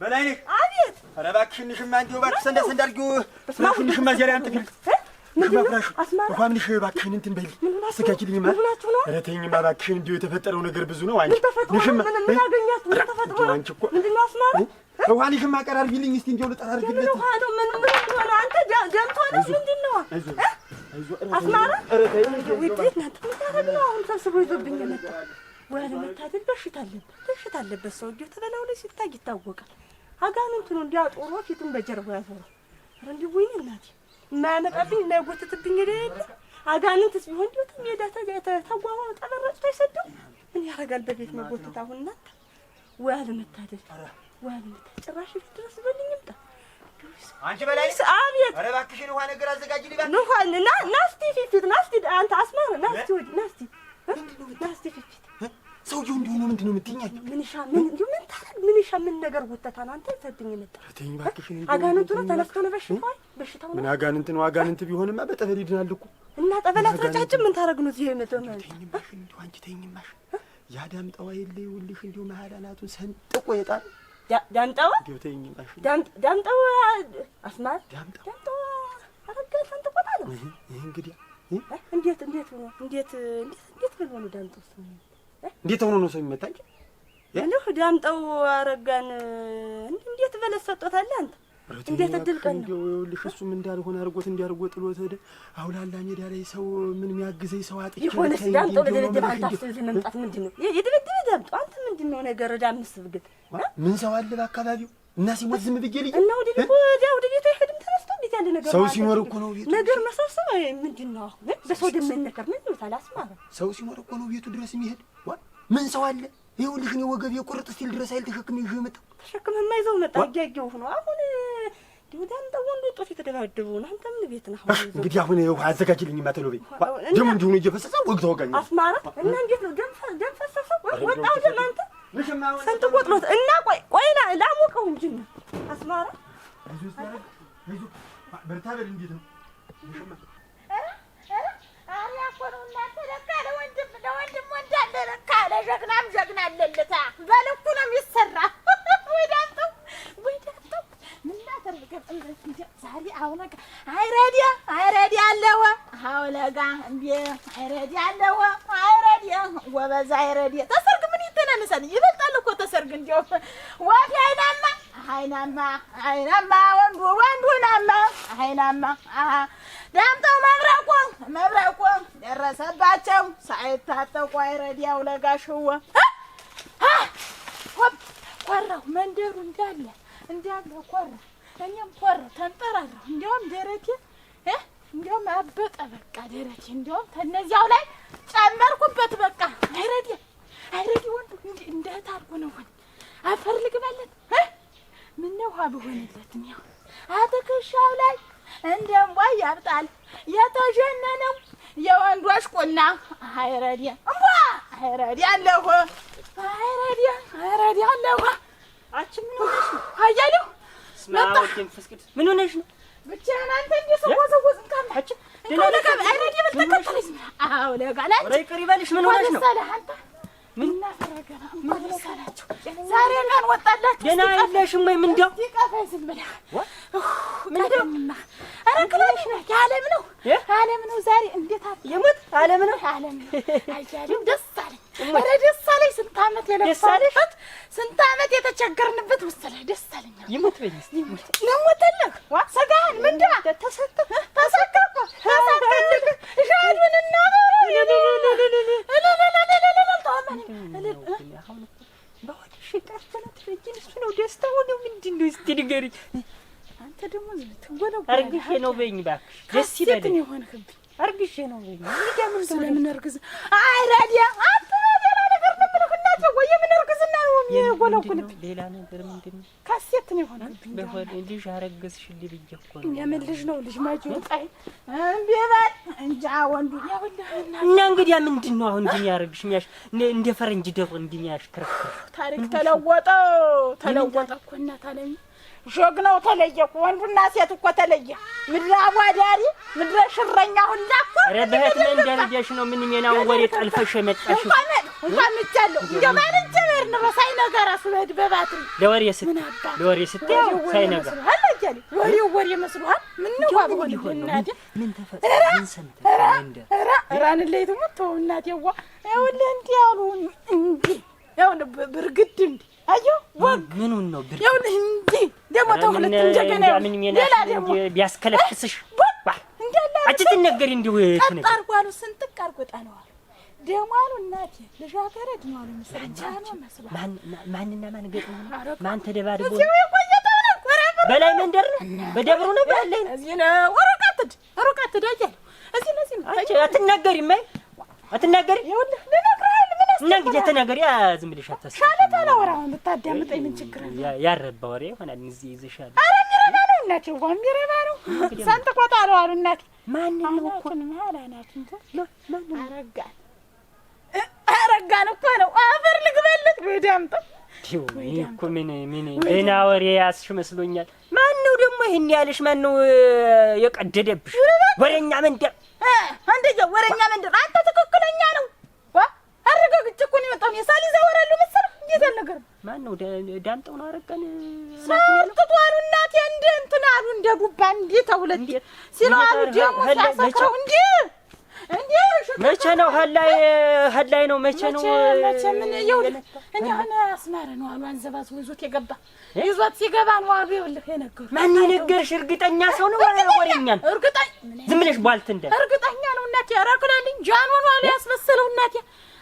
በላይነህ አቤት። ኧረ እባክሽን እንዲሁ እባክሽ ሰንዳስ እንዳልጊው ፍራሹን ሽማ እዚያ ላይ አንጥፊል እባክሽን እንትን በይል አዘጋጅልኝማ። ኧረ ተይኝማ እባክሽን እንዲሁ የተፈጠረው ነገር ብዙ ነው። አንቺ ንሽማ አንቺ እኮ ውሃ ንሽማ አቀራርቢልኝ እስኪ እንዲሁ ልጠራ አድርጊለት አስማራ ውጤት ናት ምታረግ ነው አሁን ሰብስቦ ይዞብኝ የመጣው ወያለ መታደል በሽታ አለበት በሽታ አለበት ሰውዬው ተበላው ላይ ሲታይ ይታወቃል አጋንንቱ ነው እንዲያጦሮ ፊቱን በጀርባ ያዞረ። ኧረ እንዲሁ ወይኔ እናቴ የማያመጣብኝ እና የጎትትብኝ ሄደ የለ አጋንንትስ ቢሆን እንዲሁ ሜዳ ተጓማ ጠበረጭቶ አይሰደው ምን ያደርጋል? በቤት መጎትት አሁን እናት ወይ አለመታደል ወይ አለመታደል ጭራሽ ቤት ድረስ በልኝ አንቺ በላይስ አቤት፣ እባክሽን ውሃ ነገር አዘጋጅልኝ እባክሽ። ንኳን ና ናስቲ ፊት ፊት ናስቲ አንተ አስማር ናስቲ ወዲህ ናስቲ ናስቲ ፊት ፊት ሰውየው እንዲሆኑ ምንድን ነው የምትይኛል? ምንሻ ምን ምን ታረግ ምንሻ ምን ነገር ወተታን አንተ ሰጥኝ የመጣ ተይኝ እባክሽ። አጋንንቱ ነው ተነስቶ ነው በሽቷል። በሽታው ምን አጋንንት ነው? አጋንንት ቢሆንማ በጠበል ይድናል እኮ እና ጠበላ አስረጫጭም ምን ታረግ ነው? ዚህ የመጣው ነው። ተይኝ እባክሽ፣ እንዲሁ አንቺ ተይኝ ማሽ ያዳምጣው አይል ይውልሽ፣ እንዲሁ መሀል አናቱን ሰንጥቆ የጣል ዳምጣው ተይኝ ማሽ ዳምጣው አስማር ዳምጣው አረጋ ሰንጥቆ ጣል። እንግዲህ እንዴት እንዴት ነው እንዴት እንዴት ብሎ ነው ዳምጣው እንዴት ሆኖ ነው ሰው የሚመጣ የሚመታኝ? እልህ ዳምጠው አረጋን እንዴት በለስ ሰጦታለህ አንተ እንዴት እድል ቀን ነው ይኸውልሽ፣ እሱም እንዳልሆነ አድርጎት እንዲያርጎ ጥሎት ሄደ። አውላላ ሜዳ ላይ ሰው ምን የሚያግዘኝ ሰው አጥቼ ይሆንስ ዳምጠው ለደረጀ ባንታስ ልጅ መምጣት ምንድን ነው የድብድብ ዳምጠው አንተ ምንድን ነው ነገር ዳምስ ብግት ምን ሰው አለ በአካባቢው እና ሲሞት ዝም ብዬ ልጅ እና ወደ ቤቱ ወዲያ ወደ ቤቱ ያለ ነገር ሰው ሲኖር እኮ ነው ቤቱ ነገር መሰብሰብ ምንድን ነው? አሁን በሰው ደም መነከር ምን ይሉታል? አስማረ ሰው ሲኖር እኮ ነው ቤቱ ድረስ የሚሄድ ምን ሰው አለ? ይኸውልሽ እኔ ወገብ የቁርጥ ሲል ድረስ አይል ተሸክሜ ይዤ መጣሁ። ተሸክመህማ ይዘው መጣ እያየሁ ነው አሁን ዲሁዳን ተወንዶ ጦፍ የተደባደቡ ነው። አንተ ምን ቤት ነህ? እንግዲህ አሁን ውሃ አዘጋጅልኝ። ማተሎ ቤት ደም እንዲሁኑ እየፈሰሰ ወግ ተወጋኝ። አስማራ እና እንዴት ነው ደም ደም ፈሰሰ ወጣው ደም አንተ ሰንጥቆ ጥሎት እና ቆይ ቆይ ላሞቀውም ጅን አስማራ በርታ በል። እንዴት ነው ለጀግናም ጀግና አለልታ። በልኩ ነው የሚሰራ። ወይ ዳምጠው ወይ ዳምጠው ምናተርገብ ዛሬ አውለጋ አይረዲያ አይረዲያ አለወ አውለጋ እንዴ አይረዲያ አለወ አይረዲያ ወበዛ አይረዲያ ተሰርግ ምን ይተናነሳል? ይበልጣል እኮ ተሰርግ እንዲያው ዋፊ አይናማ አይናማ ወንዱ ወንዱናማ አይናማ ዳምጠው መብረቁ መብረቁ ደረሰባቸው ሳይታጠቁ አይረዲያው ለጋሽው ኮራሁ መንደሩ እንዳለ እንዳለ ኮራ እኔም ኮራ ተንጠራራሁ። እንዲያውም ደረቴ እንዲያውም አበጠ በቃ ደረቴ እንዲያውም ተነዚያው ላይ ጨመርኩበት በቃ አይረዲ አይረዲ ወንዱ እንደት አድርጎ ነው ሆን አፈር ልግባለት ምን ነው ውሃ ብሆንለትም ያው አትከሻው ላይ እንደ ቧ ያብጣል የተጀነነው የወንዶች ቁና አይረዲያ እንቧ አይረዲያ አለሁ አይረዲያ አይረዲያ አለሁ። አንቺ ምን ሆነሽ ነው? አያሌው መጣ። ምን ሆነሽ ነው? ብቻህን አንተ እንደ ሰወሰወዝ እንካላችሁ እንካለከ አይረዲ ምን ሆነሽ ነው? ምን ምን ዛሬ ቀን ወጣላችሁ። ገና የለሽም ወይም ይቀፈኝ ዝም ምንድነው? ኧረ የዓለም ነው ነው ዛሬ እንዴት ዓለም ነው ዓለም ደስ አለኝ። ኧረ ደስ አለኝ። ስንት ዓመት ስንት ዓመት የተቸገርንበት መሰለህ። ደስ አለኝ። ይሞት ነው ሞተልህ። ሰጋህን ምንድን ተሰጠህ ንገሪኝ። አንተ ደግሞ አርግሼ ነው በይኝ እባክሽ። ደስ ይበለኝ አርግሼ ነው በይኝ። ስለምን እርግዝ አይ ታዲያ አንተ ሌላ ነገር ነው የምልህ እናቴ። ወይ የምን እርግዝና ነው የሚጎለጉልብኝ? ሌላ ነገር ምንድን ነው? ካሴት ነው የሆነብኝ። ልጅ አረገዝሽልኝ ብዬሽ እኮ ነው። የምን ልጅ ነው? ልጅ ማጅ ወጣይ እምቢባል እንጃ ወንዱ እና እንግዲያ ምንድን ነው አሁን ግን ያደርግሽ የሚያሽ እንደ ፈረንጅ ደሩ እንዲህ የሚያሽከረክር ታሪክ ተለወጠ ተለወጠ እኮ እናት አለኝ ጆግነው ተለየ። ወንዱና ሴት እኮ ተለየ። ምድረ አቧዳሪ፣ ምድረ ሽረኛ ሁላ እኮ ረበህት ምን ደረጃሽ ነው? ምን ሜናውን ወሬ ጠልፈሽ የመጣሽ እንኳን ምቻለሁ እንደ ማንን ጀበር ነው ሳይነገር ስሄድ በባትሪ ለወሬ ስት ለወሬ ስት ሳይነገር አላጃሊ ወሬ ወሬ መስሎሃል። ምን ነው ባቦን እናዴ ምን ተፈጠረ? ምን ሰምተ እንደ ራ ራን ላይ ትሙት ተው እናዴዋ ያውል እንዴ ያሉ እንዴ ያው ብርግድ እንዴ አዩ ወግ ምኑን ነው ብርግድ ያው እንዴ ደግሞ ተሁለት ሌላ ደግሞ ቢያስከለክስሽ እንዲሁ ደግሞ አሉ እናቴ ልጃገረድ ነው አሉ ማንና ማን ማን ተደባድቦ በላይ መንደር ነው በደብሩ ነው ባለኝ እዚህ ነው እዚህ ነው እዚህ ነው አትናገሪም አይ ይኸውልህ እና ነገር ያ ዝም ብለሽ አታስቢ። ሻለ ታላወራ አሁን ብታዳምጠኝ ምን ችግር አለ? ያረባ ወሬ ይሆናል። እዚህ ይዘሻል። ኧረ የሚረባ ነው እናቴ፣ እንኳ የሚረባ ነው። ቆጣ ነው አሉ እናቴ። ማንን ነው እኮ አላናቱን አረጋን አረጋን እኮ ነው። አፈር ልግበለት ዳምጠ እኮ ምን ምን ገና ወሬ ያስሽ መስሎኛል። ማን ነው ደግሞ ይህን ያለሽ? ማን ነው የቀደደብሽ? ወሬኛ መንደር አንደኛ ወሬኛ መንደር አንተ ረግጬ እኮ ነው የመጣሁ። ሳሊዛ ወራለሁ መሰለህ። እንዴት አልነገርም። ማን ነው ዳምጠው ነው አረቀን ሰጥቶ አሉ እናቴ። እንደ እንትን አሉ እንደ ቡባ እንዴ ተውለት ሲለው አሉ። ደግሞ ሲያሰክረው እንዴ እንዴ መቼ ነው ሀላይ ሀላይ ነው መቼ ነው መቼ ምን ይውል እኔ አሁን አስማረ ነው አሉ አንዘባዝ ይዞት የገባ ይዞት ሲገባ ነው አሉ። ይኸውልህ የነገሩ ማን የነገርሽ? እርግጠኛ ሰው ነው ወሬኛ ነው። እርግጠኛ ዝም ብለሽ ቧልት እንደ እርግጠኛ ነው እናቴ። ኧረ ጃኖ ነው አሉ ያስመሰለው እናቴ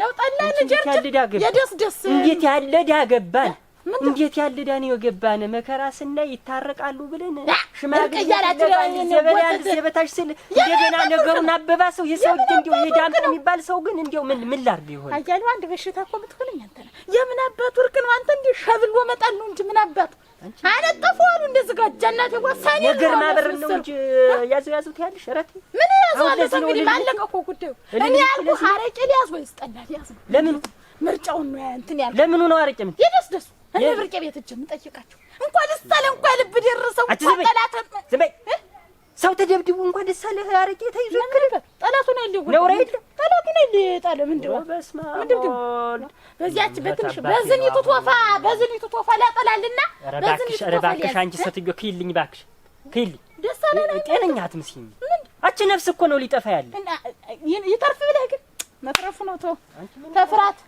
ነው ጠላ ንጀርጅ የደስ ደስ እንዴት ያለ ዳገባል እንዴት ያለ ዳኔ የገባን መከራ ስናይ ይታረቃሉ ብለን ሽማግሌ በታች ስል እንደገና ነገሩን አበባ ሰው የሰው እንዲሁ የዳምጥ የሚባል ሰው ግን እንዲሁ ምን ምን ይሆን አንድ በሽታ እኮ ምትሆነኝ አንተ ነህ። የምን አባቱ እርቅ ነው አንተ እንዲህ ሸብሎ መጣል ነው እንጂ ምን አባቱ አነጠፉ አሉ እንደዚህ ወሳኔ ነገር ማበር ነው እንጂ ትያለሽ። ረት ምን ያዘው አለ እንግዲህ እኮ ጉዳዩ እኔ ያልኩህ አረቄ ሊያዝ ለምኑ ምርጫውን ነው እንትን ያልኩህ ለምኑ ነው አረቄ ምን ይደስደሱ እነ ብርቄ ቤት እጅ የምጠይቃቸው እንኳን ደስ አለህ እንኳን ልብ ደረሰው እንኳን ጠላት ዝም በይ ሰው ተደብድቡ እንኳን ደስ አለህ አረቄ ተይዞ ጠላቱ ነው ያለው ነው ራይድ ጠላቱ ነው ያለው ጣለ ምንድን ነው በዚያች በትንሽ በዝኒቱ ቶፋ በዝኒቱ ቶፋ ላጠላልና እባክሽ አንቺ ሴትዮ ክይልኝ እባክሽ ክይልኝ ደስ አለህ ነው ጤነኛ አትምሲኝ አቺ ነፍስ እኮ ነው ሊጠፋ ያለ ይተርፍ ብለህ ግን መትረፉ ነው ተው ተፍራት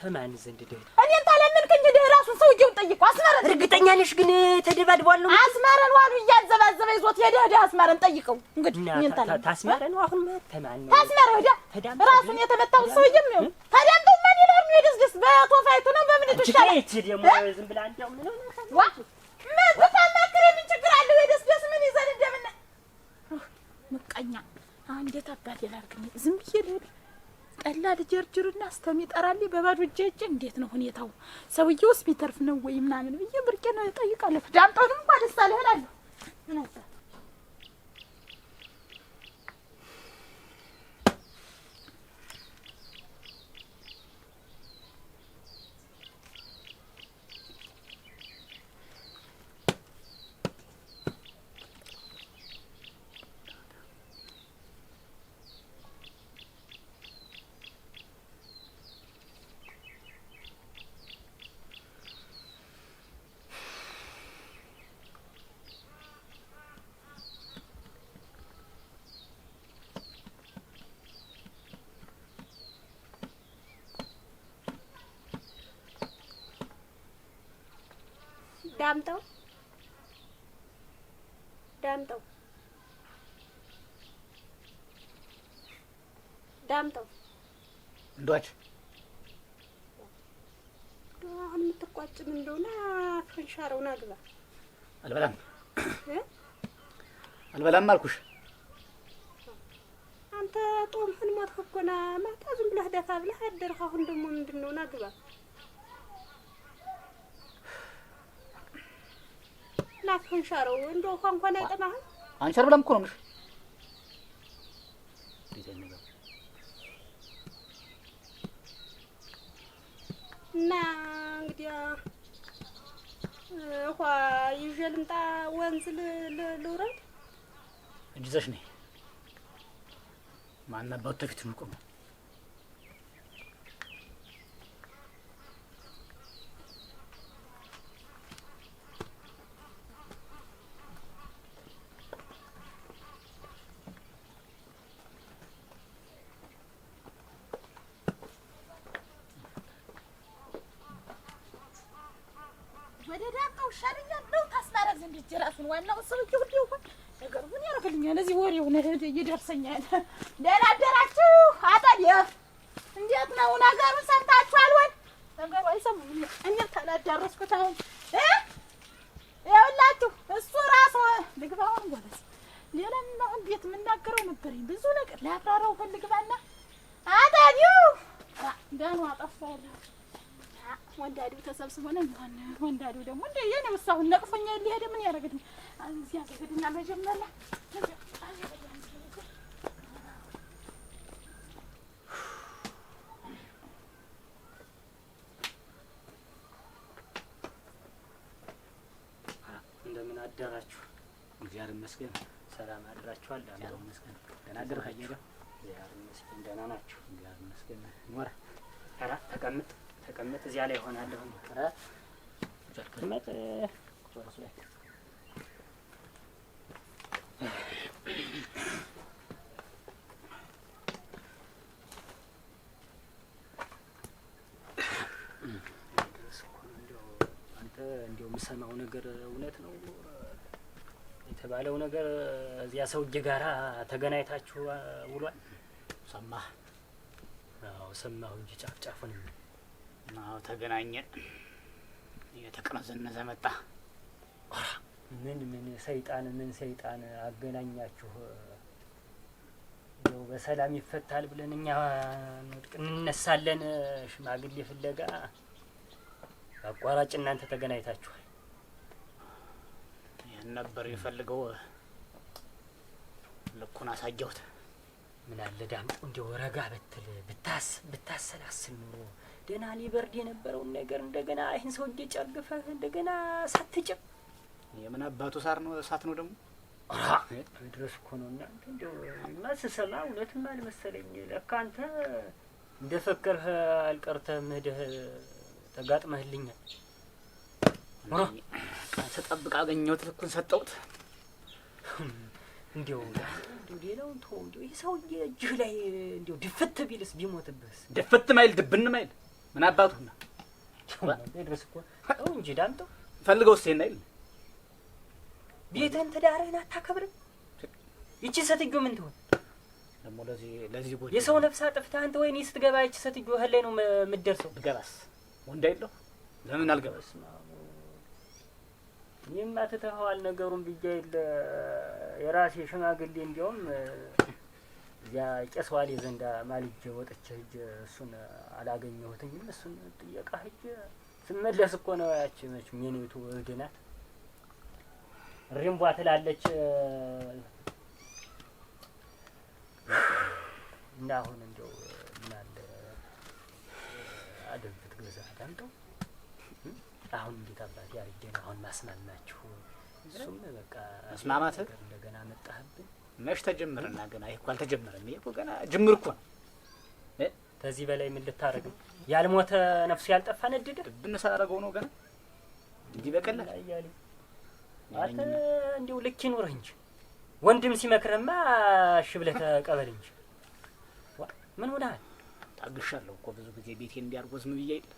ተማን ዘንድ ደህ እኔን ታለምንክ እንጂ ደህ ራሱን ሰውዬውን ጠይቁ። አስመረን እርግጠኛ ነሽ ግን ተደባድቧል። አስመረን ዋሉ እያዘባዘበ ይዞት ሄደ። ሄደ አስመረን ጠይቀው እንግዲህ እኔን ታለ ታስመረን አሁን ተማን ታስመረ ሄደ ራሱን የተመታውን ሰውዬም ነው ተደምጠው ምን ይላሉ የደስ ደስ በቶፋይቱ ነው በምን ይሻላል። እቺ ደሞ ዝም ብላ እንደው ምን ዋ ምን ብታማክረ ምን ችግር አለው? የደስ ምን ይዘን እንደምን ምቀኛ አንዴ ታባል ይላል ዝም ብዬ ልሂድ ጠላ ልጀርጅርና እስከሚጠራልኝ በባዶ እጄ እጄ እንዴት ነው ሁኔታው? ሰውዬውስ ቢተርፍ ነው ወይ ምናምን ብዬ ብርቄን ጠይቃለሁ። ዳምጠውንም እንኳ ደስ አለህ እላለሁ። ምን አባት ዳምጠው ዳምጠው ዳምጠው እንዷች አሁን የምትቋጭም እንደሆነ ፍንሻረውን አግባ። አልበላም አልበላም አልኩሽ። አንተ ጦምህን ሞትክ እኮ ና ማታ ዝም ብለህ ደፋ ብለህ አደርክ። አሁን ደግሞ ምንድን ነው? ና ግባ አንሻረው እንደ ውሃ እንኳን አይጠማህም። አንሻር ብላም እኮ ነው የምልሽ። እና እንግዲያ ውሃ ይዤ ልምጣ፣ ወንዝ ልውረድ። እጅዘሽ ነይ ማናባቱ ተፊት ነው የምቆመው ይደርሰኛል። ደህና አደራችሁ አጠየ። እንዴት ነው ነገሩን? ሰምታችኋል ወይ? ነገሩ አይሰሙም። እኔ ካላዳረስኩት አሁን ይኸውላችሁ እሱ ራሱ ልግባውን ጎበዝ፣ ሌላ ምናምን ቤት የምናገረው ነበረኝ ብዙ ነገር ላብራራው ፈልግባና አጠዩ ዳኑ አጠፋለሁ። ወንዳዴው ተሰብስቦ ነው የሚሆን። ወንዳዴው ደግሞ እንደ የኔ ውሳሁን ነቅፎኛ ሊሄድ ምን ያደረግልኝ እዚያ ያደረግልኛል መጀመሪያ ይመስገን። ሰላም አድራችኋል። እግዚአብሔር ይመስገን። ደህና አደርክ አየደው። እግዚአብሔር ይመስገን። ደህና ናችሁ? እግዚአብሔር ይመስገን። ኖረ ኧረ ተቀምጥ፣ ተቀምጥ። እዚያ ላይ ሆናለሁ። ኧረ ተቀምጥ። ቁጭ ላይ እንዲያው የምሰማው ነገር እውነት ነው? የተባለው ነገር እዚያ ሰውዬ ጋራ ተገናኝታችሁ ውሏል? ሰማህ? አዎ ሰማሁ እንጂ ጫፍጫፉን። አዎ ተገናኘን። የተቅነዘነዘ መጣ። ምን ምን ሰይጣን ምን ሰይጣን አገናኛችሁ? ያው በሰላም ይፈታል ብለን እኛ እንነሳለን ሽማግሌ ፍለጋ። አቋራጭ እናንተ ተገናኝታችኋል። ነበር የፈልገው። ልኩን አሳየሁት። ምን አለ ዳምጡ እንዲያው ረጋ ብትል ብታስ ብታሰላስል ኑሮ ደህና ሊበርድ የነበረውን ነገር እንደገና ይህን ሰውዬ ጨርግፈህ እንደገና ሳትጭም የምን አባቱ ሳር ነው እሳት ነው ደግሞ ድረስ እኮ ነው። እና እንደውማ ስሰማ እውነትም አልመሰለኝ። ለካ አንተ ፈከርህ አልቀርተ ምህደህ ተጋጥመህልኛል። ኑሮ ተጠብቅ አገኘሁት። ልኩን ሰጠሁት። እንዲያው እንዲያው ሌላውን ተወው። እንዲያው ይህ ሰውዬ እጅህ ላይ እንዲያው ድፍት ቢልስ ቢሞትብህስ? ድፍት ማይል ድብን ማይል ምን አባቱና ድረስ እኮ ተው እንጂ ዳምጠው ፈልገው ስሄና ይል ቤትህን ትዳርህን አታከብርም። ይቺ ሴትዮ ምን ትሆን ደግሞ? ለዚህ ለዚህ ጎ የሰው ነፍስ አጥፍተህ አንተ ወይኔ ስትገባ ይቺ ሴትዮ እህል ላይ ነው የምትደርሰው። ብገባስ ወንድ አይለሁ ለምን አልገባስ ይህም አትተኸዋል ነገሩን ብዬ የለ የራሴ ሽማግሌ እንዲያውም እዚያ ቄስ ዋሌ ዘንዳ ማልጄ ወጥቼ ሂጅ እሱን አላገኘሁትኝም። እሱን ጥየቃ ሂጅ ስመለስ እኮ ነው ያች መች ሜኔቱ እህድ ናት ሪምቧ ትላለች። እንደ አሁን እንዲያው ምናለ አደም ብትገዛ ዳምጠው አሁን እንዴት አባቴ አድርጌ ነው አሁን ማስማማችሁ? እሱም በቃ አስማማት እንደገና መጣህብን። መች ተጀመረና ገና ይህ እኮ አልተጀመረም። ይህ ገና ጅምር እኮ ነው። ከዚህ በላይ ምን ልታረግ ያልሞተ ነፍሱ ያልጠፋ ነድደ ብን ሳላረገው ነው ገና እንዲህ በቀላል አንተ እንዲሁ ልክ ይኑርህ እንጂ ወንድም ሲመክርማ እሺ ብለህ ተቀበል እንጂ ምን ሆነሃል? ታግሻለሁ እኮ ብዙ ጊዜ ቤቴን እንዲያርጎ ዝም ብዬ አይደል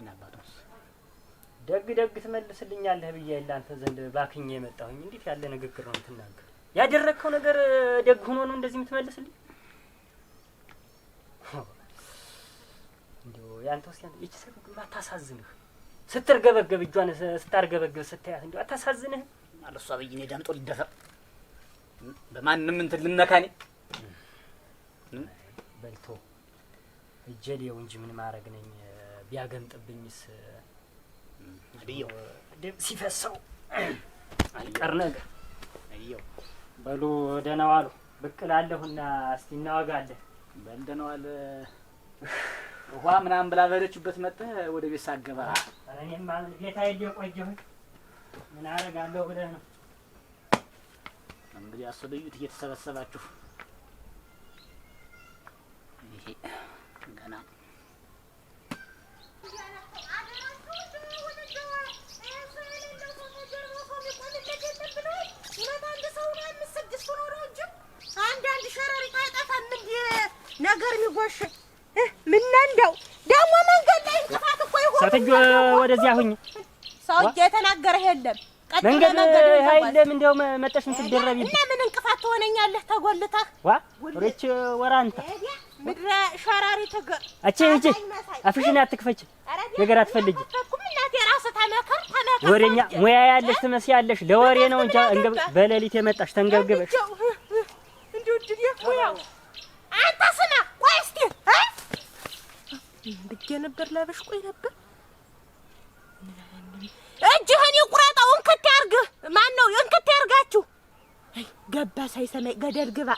ምናባቱስ ደግ ደግ ትመልስልኛለህ ብዬ ለአንተ ዘንድ ባክኝ የመጣሁኝ እንዴት ያለ ንግግር ነው የምትናገር? ያደረግከው ነገር ደግ ሆኖ ነው እንደዚህ የምትመልስልኝ? እንዲሁ ያንተ ውስጥ ይቺ ሴት ግን አታሳዝንህ? ስትርገበገብ እጇን ስታርገበገብ ስታያት እንዲሁ አታሳዝንህ? አለሷ ብዬ እኔ ዳምጦ ሊደፈር በማንም እንትን ልነካኔ በልቶ እጀሌው እንጂ ምን ማድረግ ነኝ ቢያገምጥብኝስ ደም ሲፈሰው ነገር በሉ ደህና ዋሉ። ብቅ እላለሁና እስቲ እናወጋለን። በል ደህና ዋል። ውሃ ምናምን ብላ በለችበት መጥተህ ወደ ቤት ሳገባ ቤታ ምን አደርጋለሁ ብለህ ነው እንግዲህ እየተሰበሰባችሁ ገና ነገር የሚጎሽ ምን እንደው ደግሞ መንገድ ላይ እንቅፋት እኮ ይሆን። ሴትዮ ወደዚህ ሁኝ። ሰው የተናገረህ የለም መንገድ መንገድ አይደለም እንደው መጠሽም ትደረብ እና ምን እንቅፋት ትሆነኛለህ? ተጎልተህ ዋ ወረች ወራንታ ምድረ ሸራሪ ትግ አቺ እቺ አፍሽን አትክፈች። ነገር አትፈልጊ ወሬኛ ሙያ ያለሽ ትመስያለሽ። ለወሬ ነው እንጂ በሌሊት የመጣሽ ተንገብግበሽ እንዴ አንተ ስማ፣ ቆይ እስኪ ብጌ ነበር ላበሽ፣ ቆይ ነበር እጅህን ይቁረጠው። እንክት ያርግህ። ማን ነው እንክት ያርጋችሁ? ገባ ሳይሰማኝ ገደል ግባ፣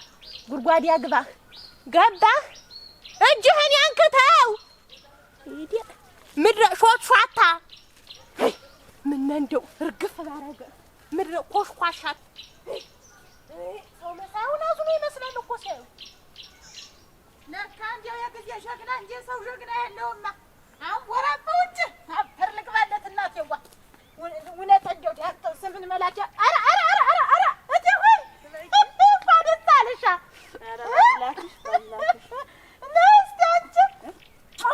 ጉድጓድ ግባ ገባህ? እጅህን ያንክተው። ምድረ ሾሻታ ምን እንደው እርግፍ ባረገ ምድረ ቆሽኳሻት ሰው መሳዩን አዙኖ ይመስላል እኮ ሳዩ ለካ እንዲያው የጊዜ ሸክላ እንጂ ሰው ሸክላ የለውማ። አሁን ወራም በውጭ አፈር ልግባለት እናቴዋ። እውነት እንዲያው ዳክተው ስምን መላኪያ ኧረ ኧረ ኧረ ኧረ ኧረ እቴ ወይ ባደታልሻ ነስቲያንቺ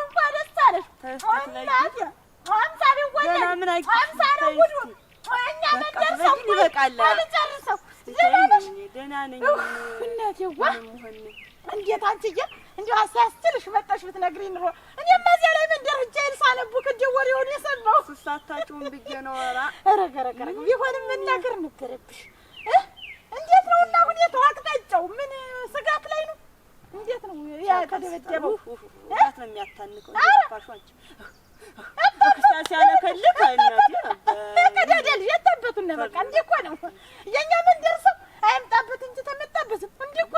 እንኳን ደስ አለሽ። እናቴ ሀምሳ ቢወለድ ሀምሳ ነው ጉዱ። እኛ መደርሰው አልጨርሰው ልበለሽ እናቴዋ። እንዴት አንቺዬ እንዲያው አሳያስትልሽ መጣሽ ብትነግሪኝ ኑሮ እኔማ እዚያ ላይ መንደር ሂጅ አይልሳ ነቡክ ወሬውን የሰማው ስሳታችሁን ብዬ ነው። ኧረ ኧረ ቢሆንም መናገር ነበረብሽ። እንዴት ነው እና ሁኔታው አቅጣጫው ምን ስጋት ላይ ነው? እንዴት ነው ያ ተደበደበው ነው የሚያታንቀው ፋሽንች ሲያለፈልግ አይነት በቀዳዳ ልጅ እኮ ነው የእኛ መንደር ሰው አይምጣበት እንጂ ተመጣበትም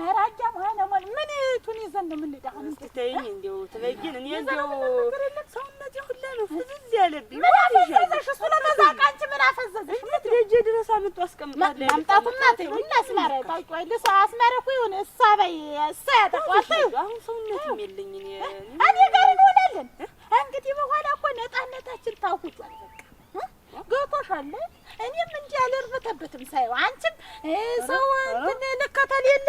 ኧረ አጃም ሀይለማን ምን የቱን ይዘን ነው የምንሄድ? አሁን እስኪ ተይኝ እንደው እኔ እንደው ሰውነቴ ሁላ ነው ፍዝዝ ያለብኝ። ምን አፈዘዘሽ? እሱ ለመዛቅ አንቺ ምን አፈዘዘሽ? የት ደጄ ድረስ አመጡ አስቀምጣለሁ። ማምጣቱማ ተይው እና አስመረ ታውቂው አይደል? ሰው አስመረ እኮ የሆነ እሷ በይ እሷ ያጠቋት። አሁን ሰውነትም የለኝ እኔ እኔ ጋር እንሆናለን እንግዲህ። በኋላ እኮ ነጣነታችን ታውቁቷል። ገብቶሻል። እኔም እንዲህ አልርበተበትም ሳይው አንቺም ሰው እንትን ልከተል የለ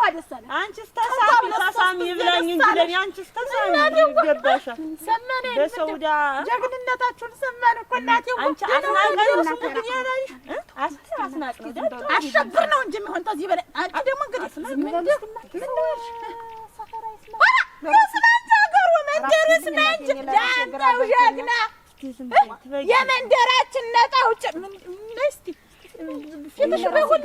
እንኳን ደስ አለህ። አንቺስ ተሳሚ ተሳሚ ይብላኝ እንጂ ለእኔ አንቺስ ተሳሚ ይገባሻል። ሰማን በሰውዳ ጀግንነታችሁን ሰማን እኮ እናቴ። አንቺ አስናቅ አሸብር ነው እንጂ የሚሆን ተዚህ በላይ አንቺ ደግሞ እንግዲህ የመንደራችን ነጣ ውጭ ምን እስኪ ፊትሽ በሁሉ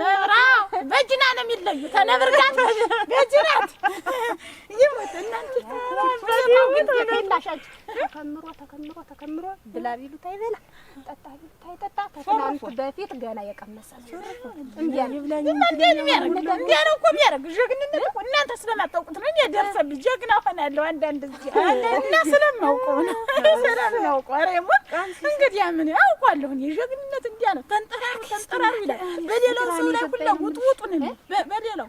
ነብራ በጅና ነው የሚለዩ ተነብር ጋር በጅናት ይሞት እናንተ ተከምሮ ተከምሮ ተከምሮ ብላ ቢሉት አይበላ ጠጣ ቢሉት አይጠጣ ከትናንት በፊት ገና የቀመሳችሁ እናንተ ስለማታውቁት ነው። እኔ ደርሰብኝ ጀግና ሆናለሁ። አንዳንድ እና ስለማውቀው ነው ስለማውቀው እንግዲህ ምን አውቋለሁ። የጀግንነት እንዲያ ነው ተንጠራሩ ተንጠራሩ ይላል በሌላው ሰው ላይ ሁላ ውጥ ውጡን በሌላው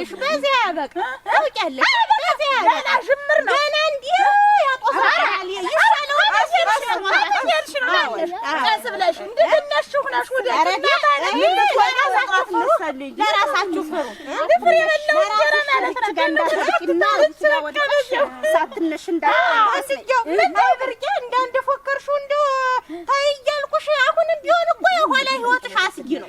ያለሽ በዚያ ያበቃ ታውቂያለሽ። ገና ጅምር ነው። ገና እንዲህ አሁንም ቢሆን እኮ የኋላ ህይወትሽ አስጊ ነው።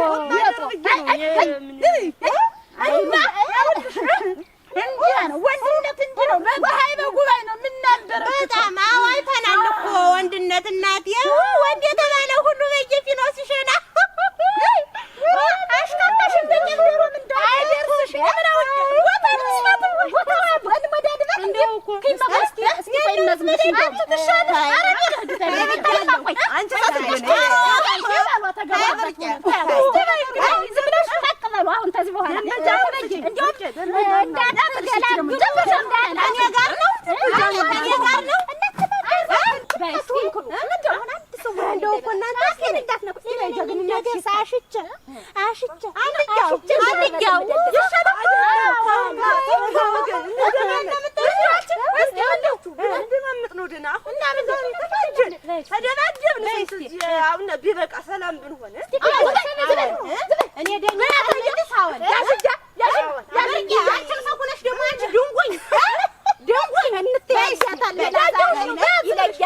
አንቺ ነው